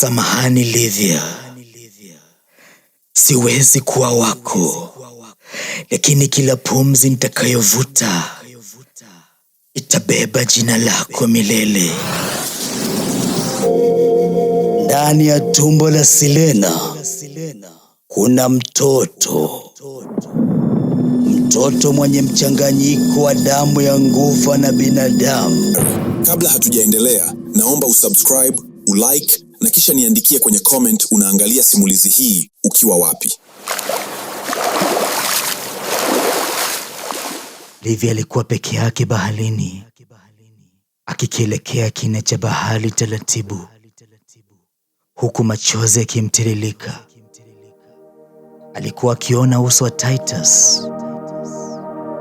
Samahani livya siwezi kuwa wako, lakini kila pumzi nitakayovuta itabeba jina lako milele. Ndani ya tumbo la Silena kuna mtoto, mtoto mwenye mchanganyiko wa damu ya nguva na binadamu. Kabla hatujaendelea, naomba usubscribe, ulike na kisha niandikie kwenye comment unaangalia simulizi hii ukiwa wapi. Livi alikuwa peke yake baharini akikielekea kina cha bahari taratibu, huku machozi yakimtiririka. Alikuwa akiona uso wa Titus,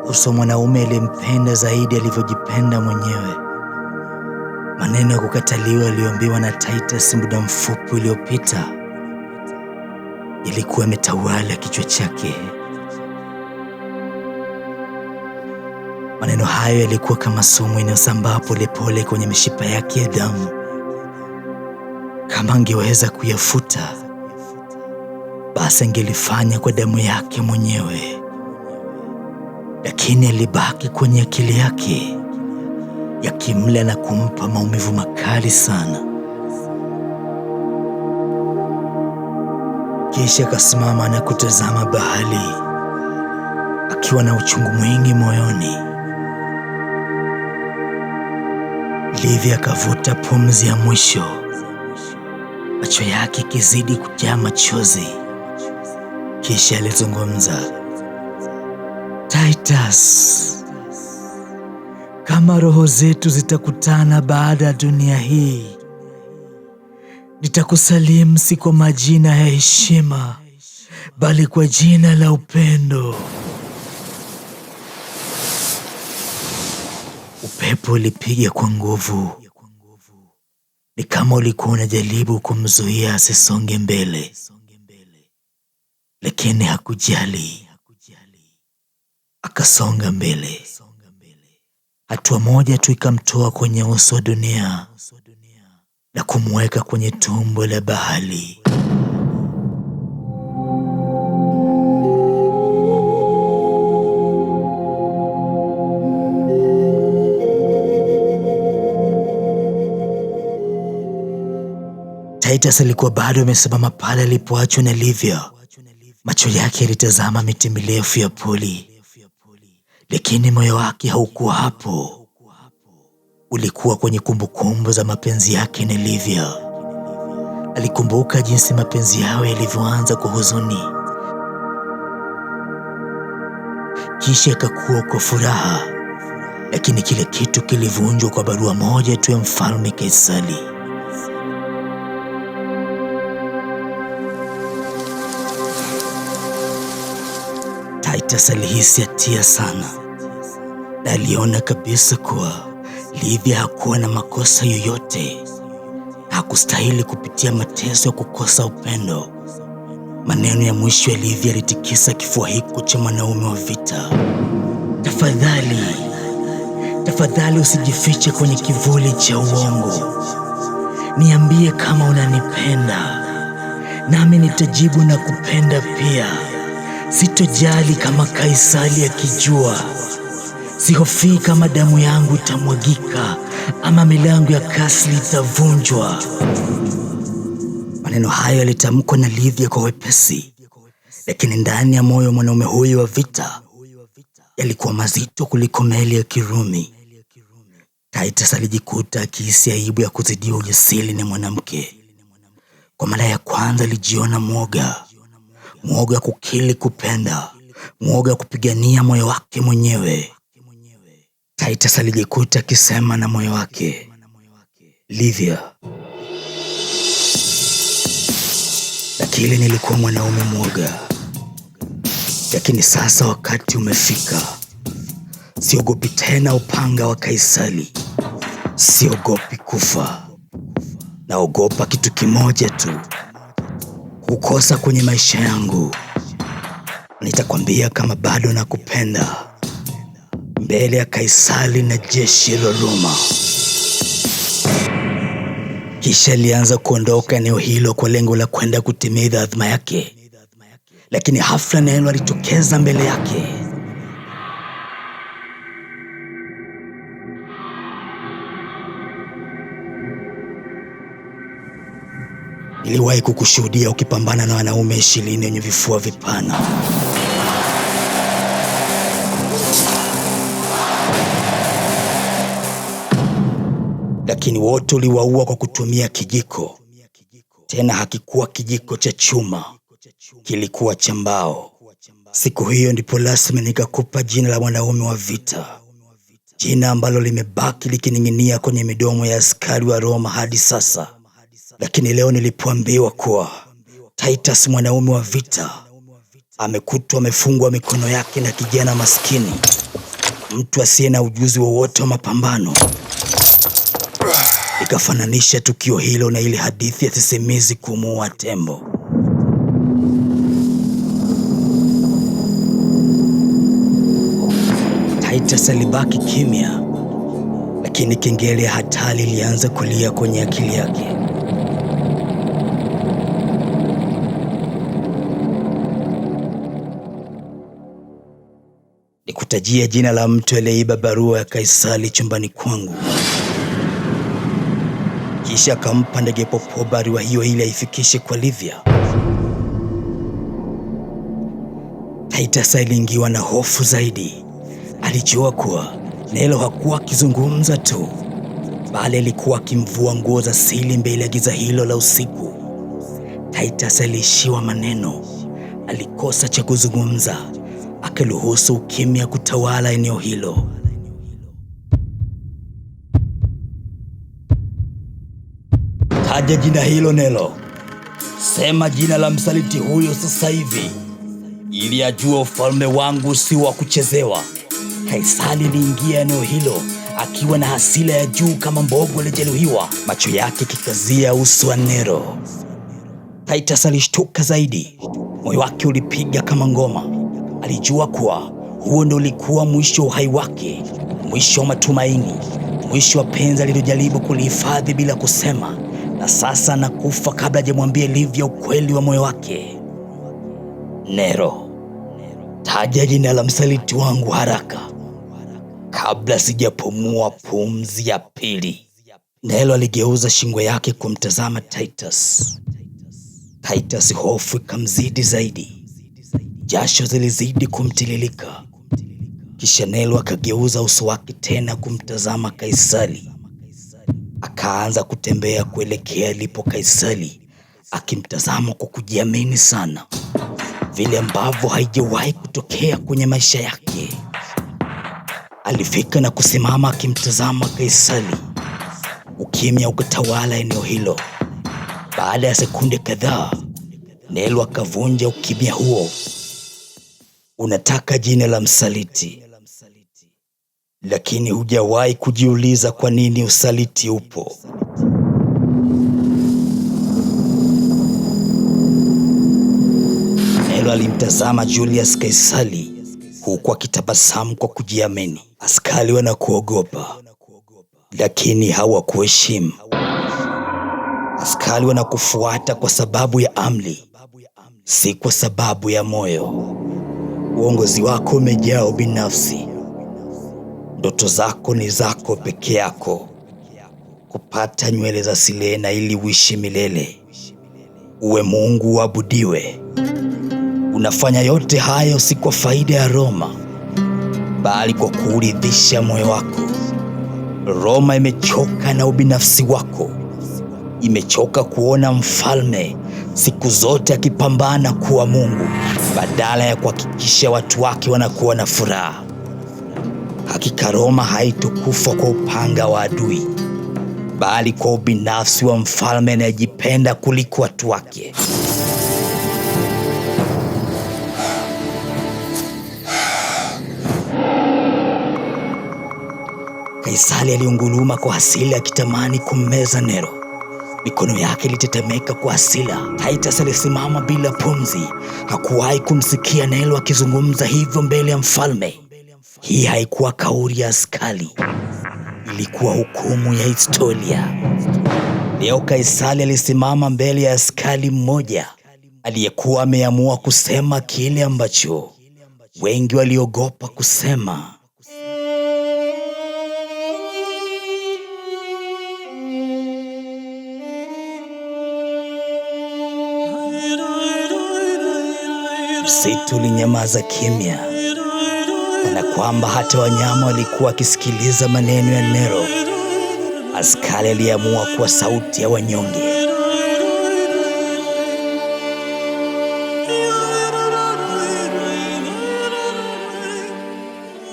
uso mwanaume aliyempenda zaidi alivyojipenda mwenyewe maneno ya kukataliwa yaliyoambiwa na Titus muda mfupi uliopita yalikuwa yametawala kichwa chake. Maneno hayo yalikuwa kama sumu inayosambaa polepole kwenye mishipa yake ya damu. Kama angeweza kuyafuta, basi angelifanya kwa damu yake mwenyewe, lakini alibaki kwenye akili yake yakimla na kumpa maumivu makali sana. Kisha akasimama na kutazama bahari akiwa na uchungu mwingi moyoni. Livi akavuta pumzi ya mwisho, macho yake ikizidi kujaa machozi. Kisha alizungumza, Titus kama roho zetu zitakutana baada ya dunia hii, nitakusalimu si kwa majina ya heshima, bali kwa jina la upendo. Upepo ulipiga kwa nguvu, ni kama ulikuwa unajaribu kumzuia asisonge mbele, lakini hakujali, akasonga mbele hatua moja tu ikamtoa kwenye uso wa dunia na kumweka kwenye tumbo la bahari. Titus alikuwa bado amesimama pale alipoachwa na Livia. Macho yake yalitazama miti mirefu ya poli lakini moyo wake haukuwa hapo, ulikuwa kwenye kumbukumbu za mapenzi yake na Livia. Alikumbuka jinsi mapenzi yao yalivyoanza kwa huzuni, kisha akakuwa kwa furaha, lakini kila kitu kilivunjwa kwa barua moja tu ya mfalme Kaisari. Titus alihisi sana na aliona kabisa kuwa Livia hakuwa na makosa yoyote. Hakustahili kupitia mateso ya kukosa upendo. Maneno ya mwisho ya Livia alitikisa kifua hiko cha mwanaume wa vita. Tafadhali, tafadhali usijifiche kwenye kivuli cha uongo. Niambie kama unanipenda, nami nitajibu na kupenda pia. Sitojali kama Kaisari akijua, sihofii kama damu yangu itamwagika ama milango ya kasri itavunjwa. Maneno hayo yalitamkwa na Livia kwa wepesi, lakini ndani ya moyo mwanaume huyo wa vita yalikuwa mazito kuliko meli ya Kirumi. Titus alijikuta akihisi aibu ya kuzidiwa ujasiri na mwanamke. Kwa mara ya kwanza alijiona mwoga mwoga kukili kupenda, mwoga kupigania moyo wake mwenyewe. Titus alijikuta akisema na moyo wake, Livia, lakini nilikuwa mwanaume mwoga. Lakini sasa wakati umefika, siogopi tena upanga wa Kaisari, siogopi kufa, naogopa kitu kimoja tu kukosa kwenye maisha yangu, nitakwambia kama bado nakupenda mbele ya Kaisari na jeshi la Roma. Kisha alianza kuondoka eneo hilo kwa lengo la kwenda kutimiza adhima yake, lakini hafla neno alitokeza mbele yake. Niliwahi kukushuhudia ukipambana na wanaume ishirini wenye vifua vipana. Lakini wote uliwaua kwa kutumia kijiko. Tena hakikuwa kijiko cha chuma, kilikuwa cha mbao. Siku hiyo ndipo rasmi nikakupa jina la mwanaume wa vita, jina ambalo limebaki likining'inia kwenye midomo ya askari wa Roma hadi sasa. Lakini leo nilipoambiwa kuwa Titus mwanaume wa vita amekutwa amefungwa mikono yake na kijana maskini, mtu asiye na ujuzi wowote wa mapambano, ikafananisha tukio hilo na ile hadithi ya sisimizi kumuua tembo. Titus alibaki kimya, lakini kengele ya hatari ilianza kulia kwenye akili yake. nitajia jina la mtu aliyeiba barua ya kaisali chumbani kwangu, kisha akampa ndege popo barua hiyo ili aifikishe kwa Livia. Titus aliingiwa na hofu zaidi. Alijua kuwa Nelo hakuwa akizungumza tu, bali alikuwa akimvua nguo za siri mbele ya giza hilo la usiku. Titus aliishiwa maneno, alikosa cha kuzungumza akiruhusu ukimya kutawala eneo hilo. Taja jina hilo Nelo, sema jina la msaliti huyo sasa hivi, ili ajue ufalme wangu si wa kuchezewa. kaisali aliingia eneo hilo akiwa na hasira ya juu kama mbogo aliyejeruhiwa, macho yake kikazia uso wa Nero. Titus alishtuka zaidi, moyo wake ulipiga kama ngoma. Alijua kuwa huo ndio ulikuwa mwisho wa uhai wake, mwisho wa matumaini, mwisho wa penzi alilojaribu kulihifadhi bila kusema, na sasa anakufa kabla hajamwambia Livia ukweli wa moyo wake. Nero, taja jina la msaliti wangu haraka, kabla sijapumua pumzi ya pili. Nero aligeuza shingo yake kumtazama Titus. Titus, hofu ikamzidi zaidi. Jasho zilizidi kumtililika. Kisha nelo akageuza uso wake tena kumtazama Kaisari, akaanza kutembea kuelekea alipo Kaisari, akimtazama kwa kujiamini sana, vile ambavyo haijawahi kutokea kwenye maisha yake. Alifika na kusimama akimtazama Kaisari. Ukimya ukatawala eneo hilo. Baada ya sekunde kadhaa, Nelo akavunja ukimya huo Unataka jina la msaliti, lakini hujawahi kujiuliza kwa nini usaliti upo. Nero alimtazama Julius Kaisali huku akitabasamu kwa kujiamini. Askari wanakuogopa, lakini hawakuheshimu. Askari wanakufuata kwa sababu ya amri, si kwa sababu ya moyo. Uongozi wako umejaa ubinafsi. Ndoto zako ni zako peke yako, kupata nywele za silena ili uishi milele, uwe Mungu uabudiwe. Unafanya yote hayo si kwa faida ya Roma, bali kwa kuuridhisha moyo wako. Roma imechoka na ubinafsi wako, imechoka kuona mfalme siku zote akipambana kuwa Mungu badala ya kuhakikisha watu wake wanakuwa na furaha. Hakika Roma haitokufa kwa upanga wa adui, bali kwa ubinafsi wa mfalme anayejipenda kuliko watu wake. Kaisari aliunguruma kwa hasira akitamani kummeza Nero. Mikono yake ilitetemeka kwa asila Titus alisimama bila pumzi. Hakuwahi kumsikia Nelo akizungumza hivyo mbele ya mfalme. Hii haikuwa kauli ya askari, ilikuwa hukumu ya historia. Leo Kaisari alisimama mbele ya askari mmoja aliyekuwa ameamua kusema kile ambacho wengi waliogopa kusema. Msitu ulinyamaza kimya, kana kwamba hata wanyama walikuwa wakisikiliza maneno ya Nero. Askari aliamua kuwa sauti ya wanyonge.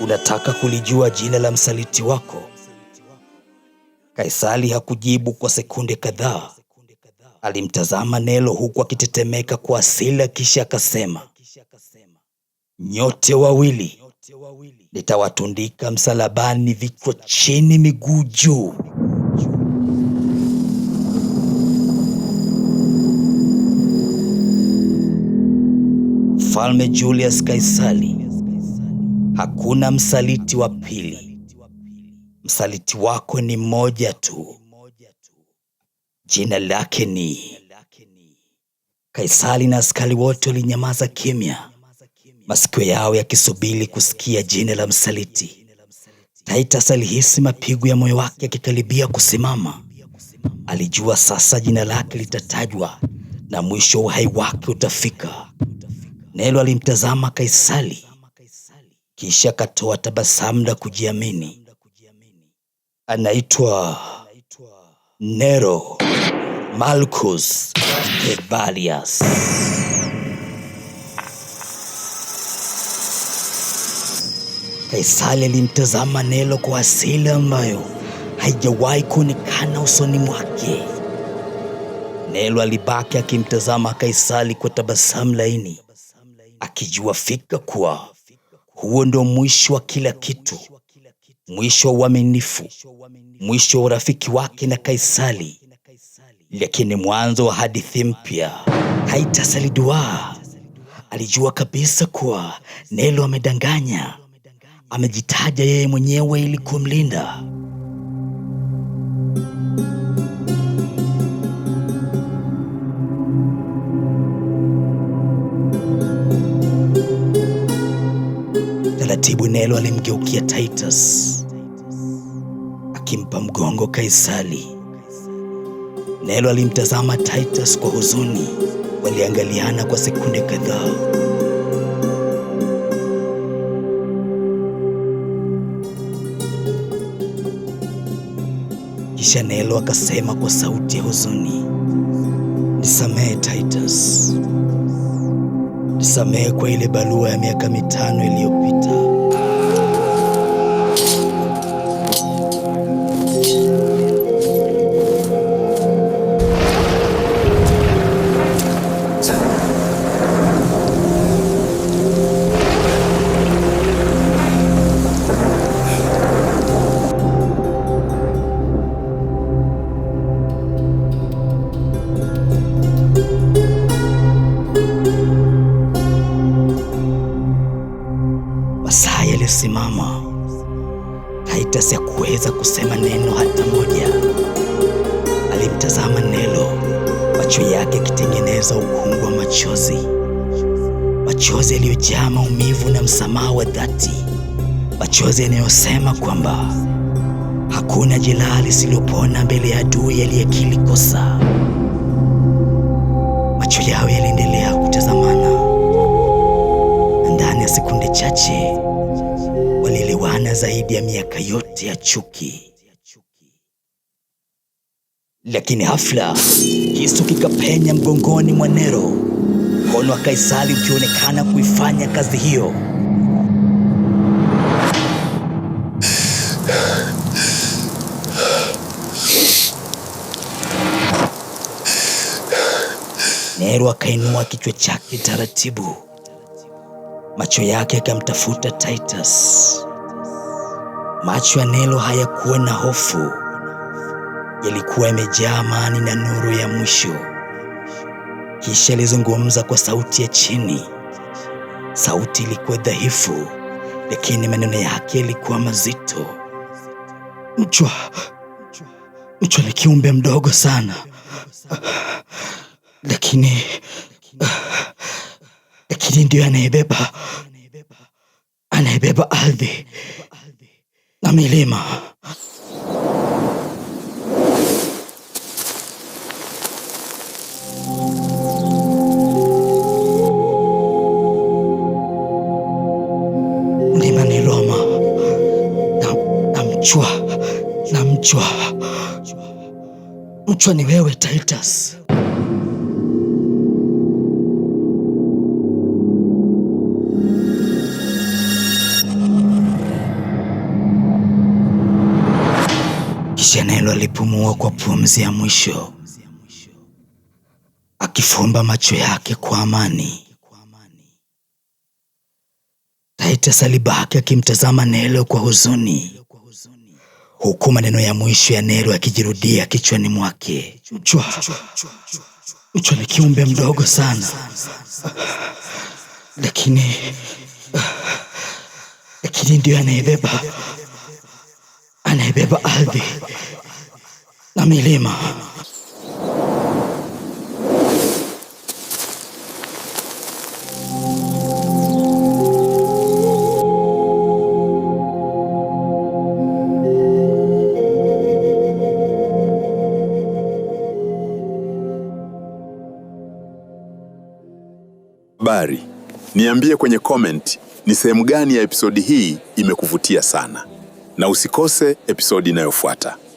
Unataka kulijua jina la msaliti wako? Kaisari hakujibu kwa sekunde kadhaa. Alimtazama Nero huku akitetemeka kwa hasira, kisha akasema, nyote wawili nitawatundika msalabani, vichwa chini, miguu juu. Mfalme Julius kaisali hakuna msaliti wa pili. Msaliti wako ni mmoja tu, jina lake ni kaisali Na askari wote walinyamaza kimya masikio yao yakisubiri kusikia jina la msaliti. Titus alihisi mapigo ya moyo wake yakikaribia kusimama. Alijua sasa jina lake litatajwa na mwisho wa uhai wake utafika. Nelo alimtazama Kaisali, kisha akatoa tabasamu la kujiamini. Anaitwa Nero Marcus Hevalius. kaisali alimtazama nelo kwa asili ambayo haijawahi kuonekana usoni mwake. nelo alibaki akimtazama kaisali kwa tabasamu laini, akijua fika kuwa huo ndio mwisho wa kila kitu, mwisho wa uaminifu, mwisho wa urafiki wake na kaisali lakini mwanzo wa hadithi mpya. Haitasali alijua kabisa kuwa nelo amedanganya amejitaja yeye mwenyewe ili kumlinda. Taratibu nelo alimgeukia Titus akimpa mgongo kaisali nelo alimtazama Titus kwa huzuni, waliangaliana kwa sekunde kadhaa. Kisha Nelo akasema kwa sauti ya huzuni, nisamehe Titus, nisamehe kwa ile barua ya miaka mitano iliyopita kusimama, Kaitasi kuweza kusema neno hata moja. Alimtazama Nelo, macho yake akitengeneza ukungu wa machozi, machozi yaliyojaa maumivu na msamaha wa dhati, machozi yanayosema kwamba hakuna jeraha lisilopona mbele ya adui aliyekili kosa. Macho yao yaliendelea kutazamana, na ndani ya sekunde chache maana zaidi ya miaka yote ya chuki. Lakini hafla kisu kikapenya mgongoni mwa Nero, mkono wa Kaisari ukionekana kuifanya kazi hiyo. Nero akainua kichwa chake taratibu, macho yake akamtafuta Titus. Macho ya Nelo hayakuwa na hofu, yalikuwa yamejaa amani na nuru ya mwisho. Kisha alizungumza kwa sauti ya chini. Sauti ilikuwa dhaifu, lakini maneno yake yalikuwa mazito. Mchwa, mchwa ni kiumbe mdogo sana, lakini lakini ndiyo anayebeba anayebeba ardhi na milima. Mlima ni Roma na, na mchwa na mchwa mchwa ni wewe Titus. Kisha Nelo alipumua kwa pumzi ya mwisho, akifumba macho yake kwa amani. Titus alibaki akimtazama Nelo kwa huzuni, huku maneno ya mwisho ya nero akijirudia kichwani mwake. Mchwa, mchwa ni kiumbe mdogo sana, lakini lakini ndiyo anayebeba anayebeba ardhi na milima. niambie kwenye comment ni sehemu gani ya episodi hii imekuvutia sana na usikose episodi inayofuata.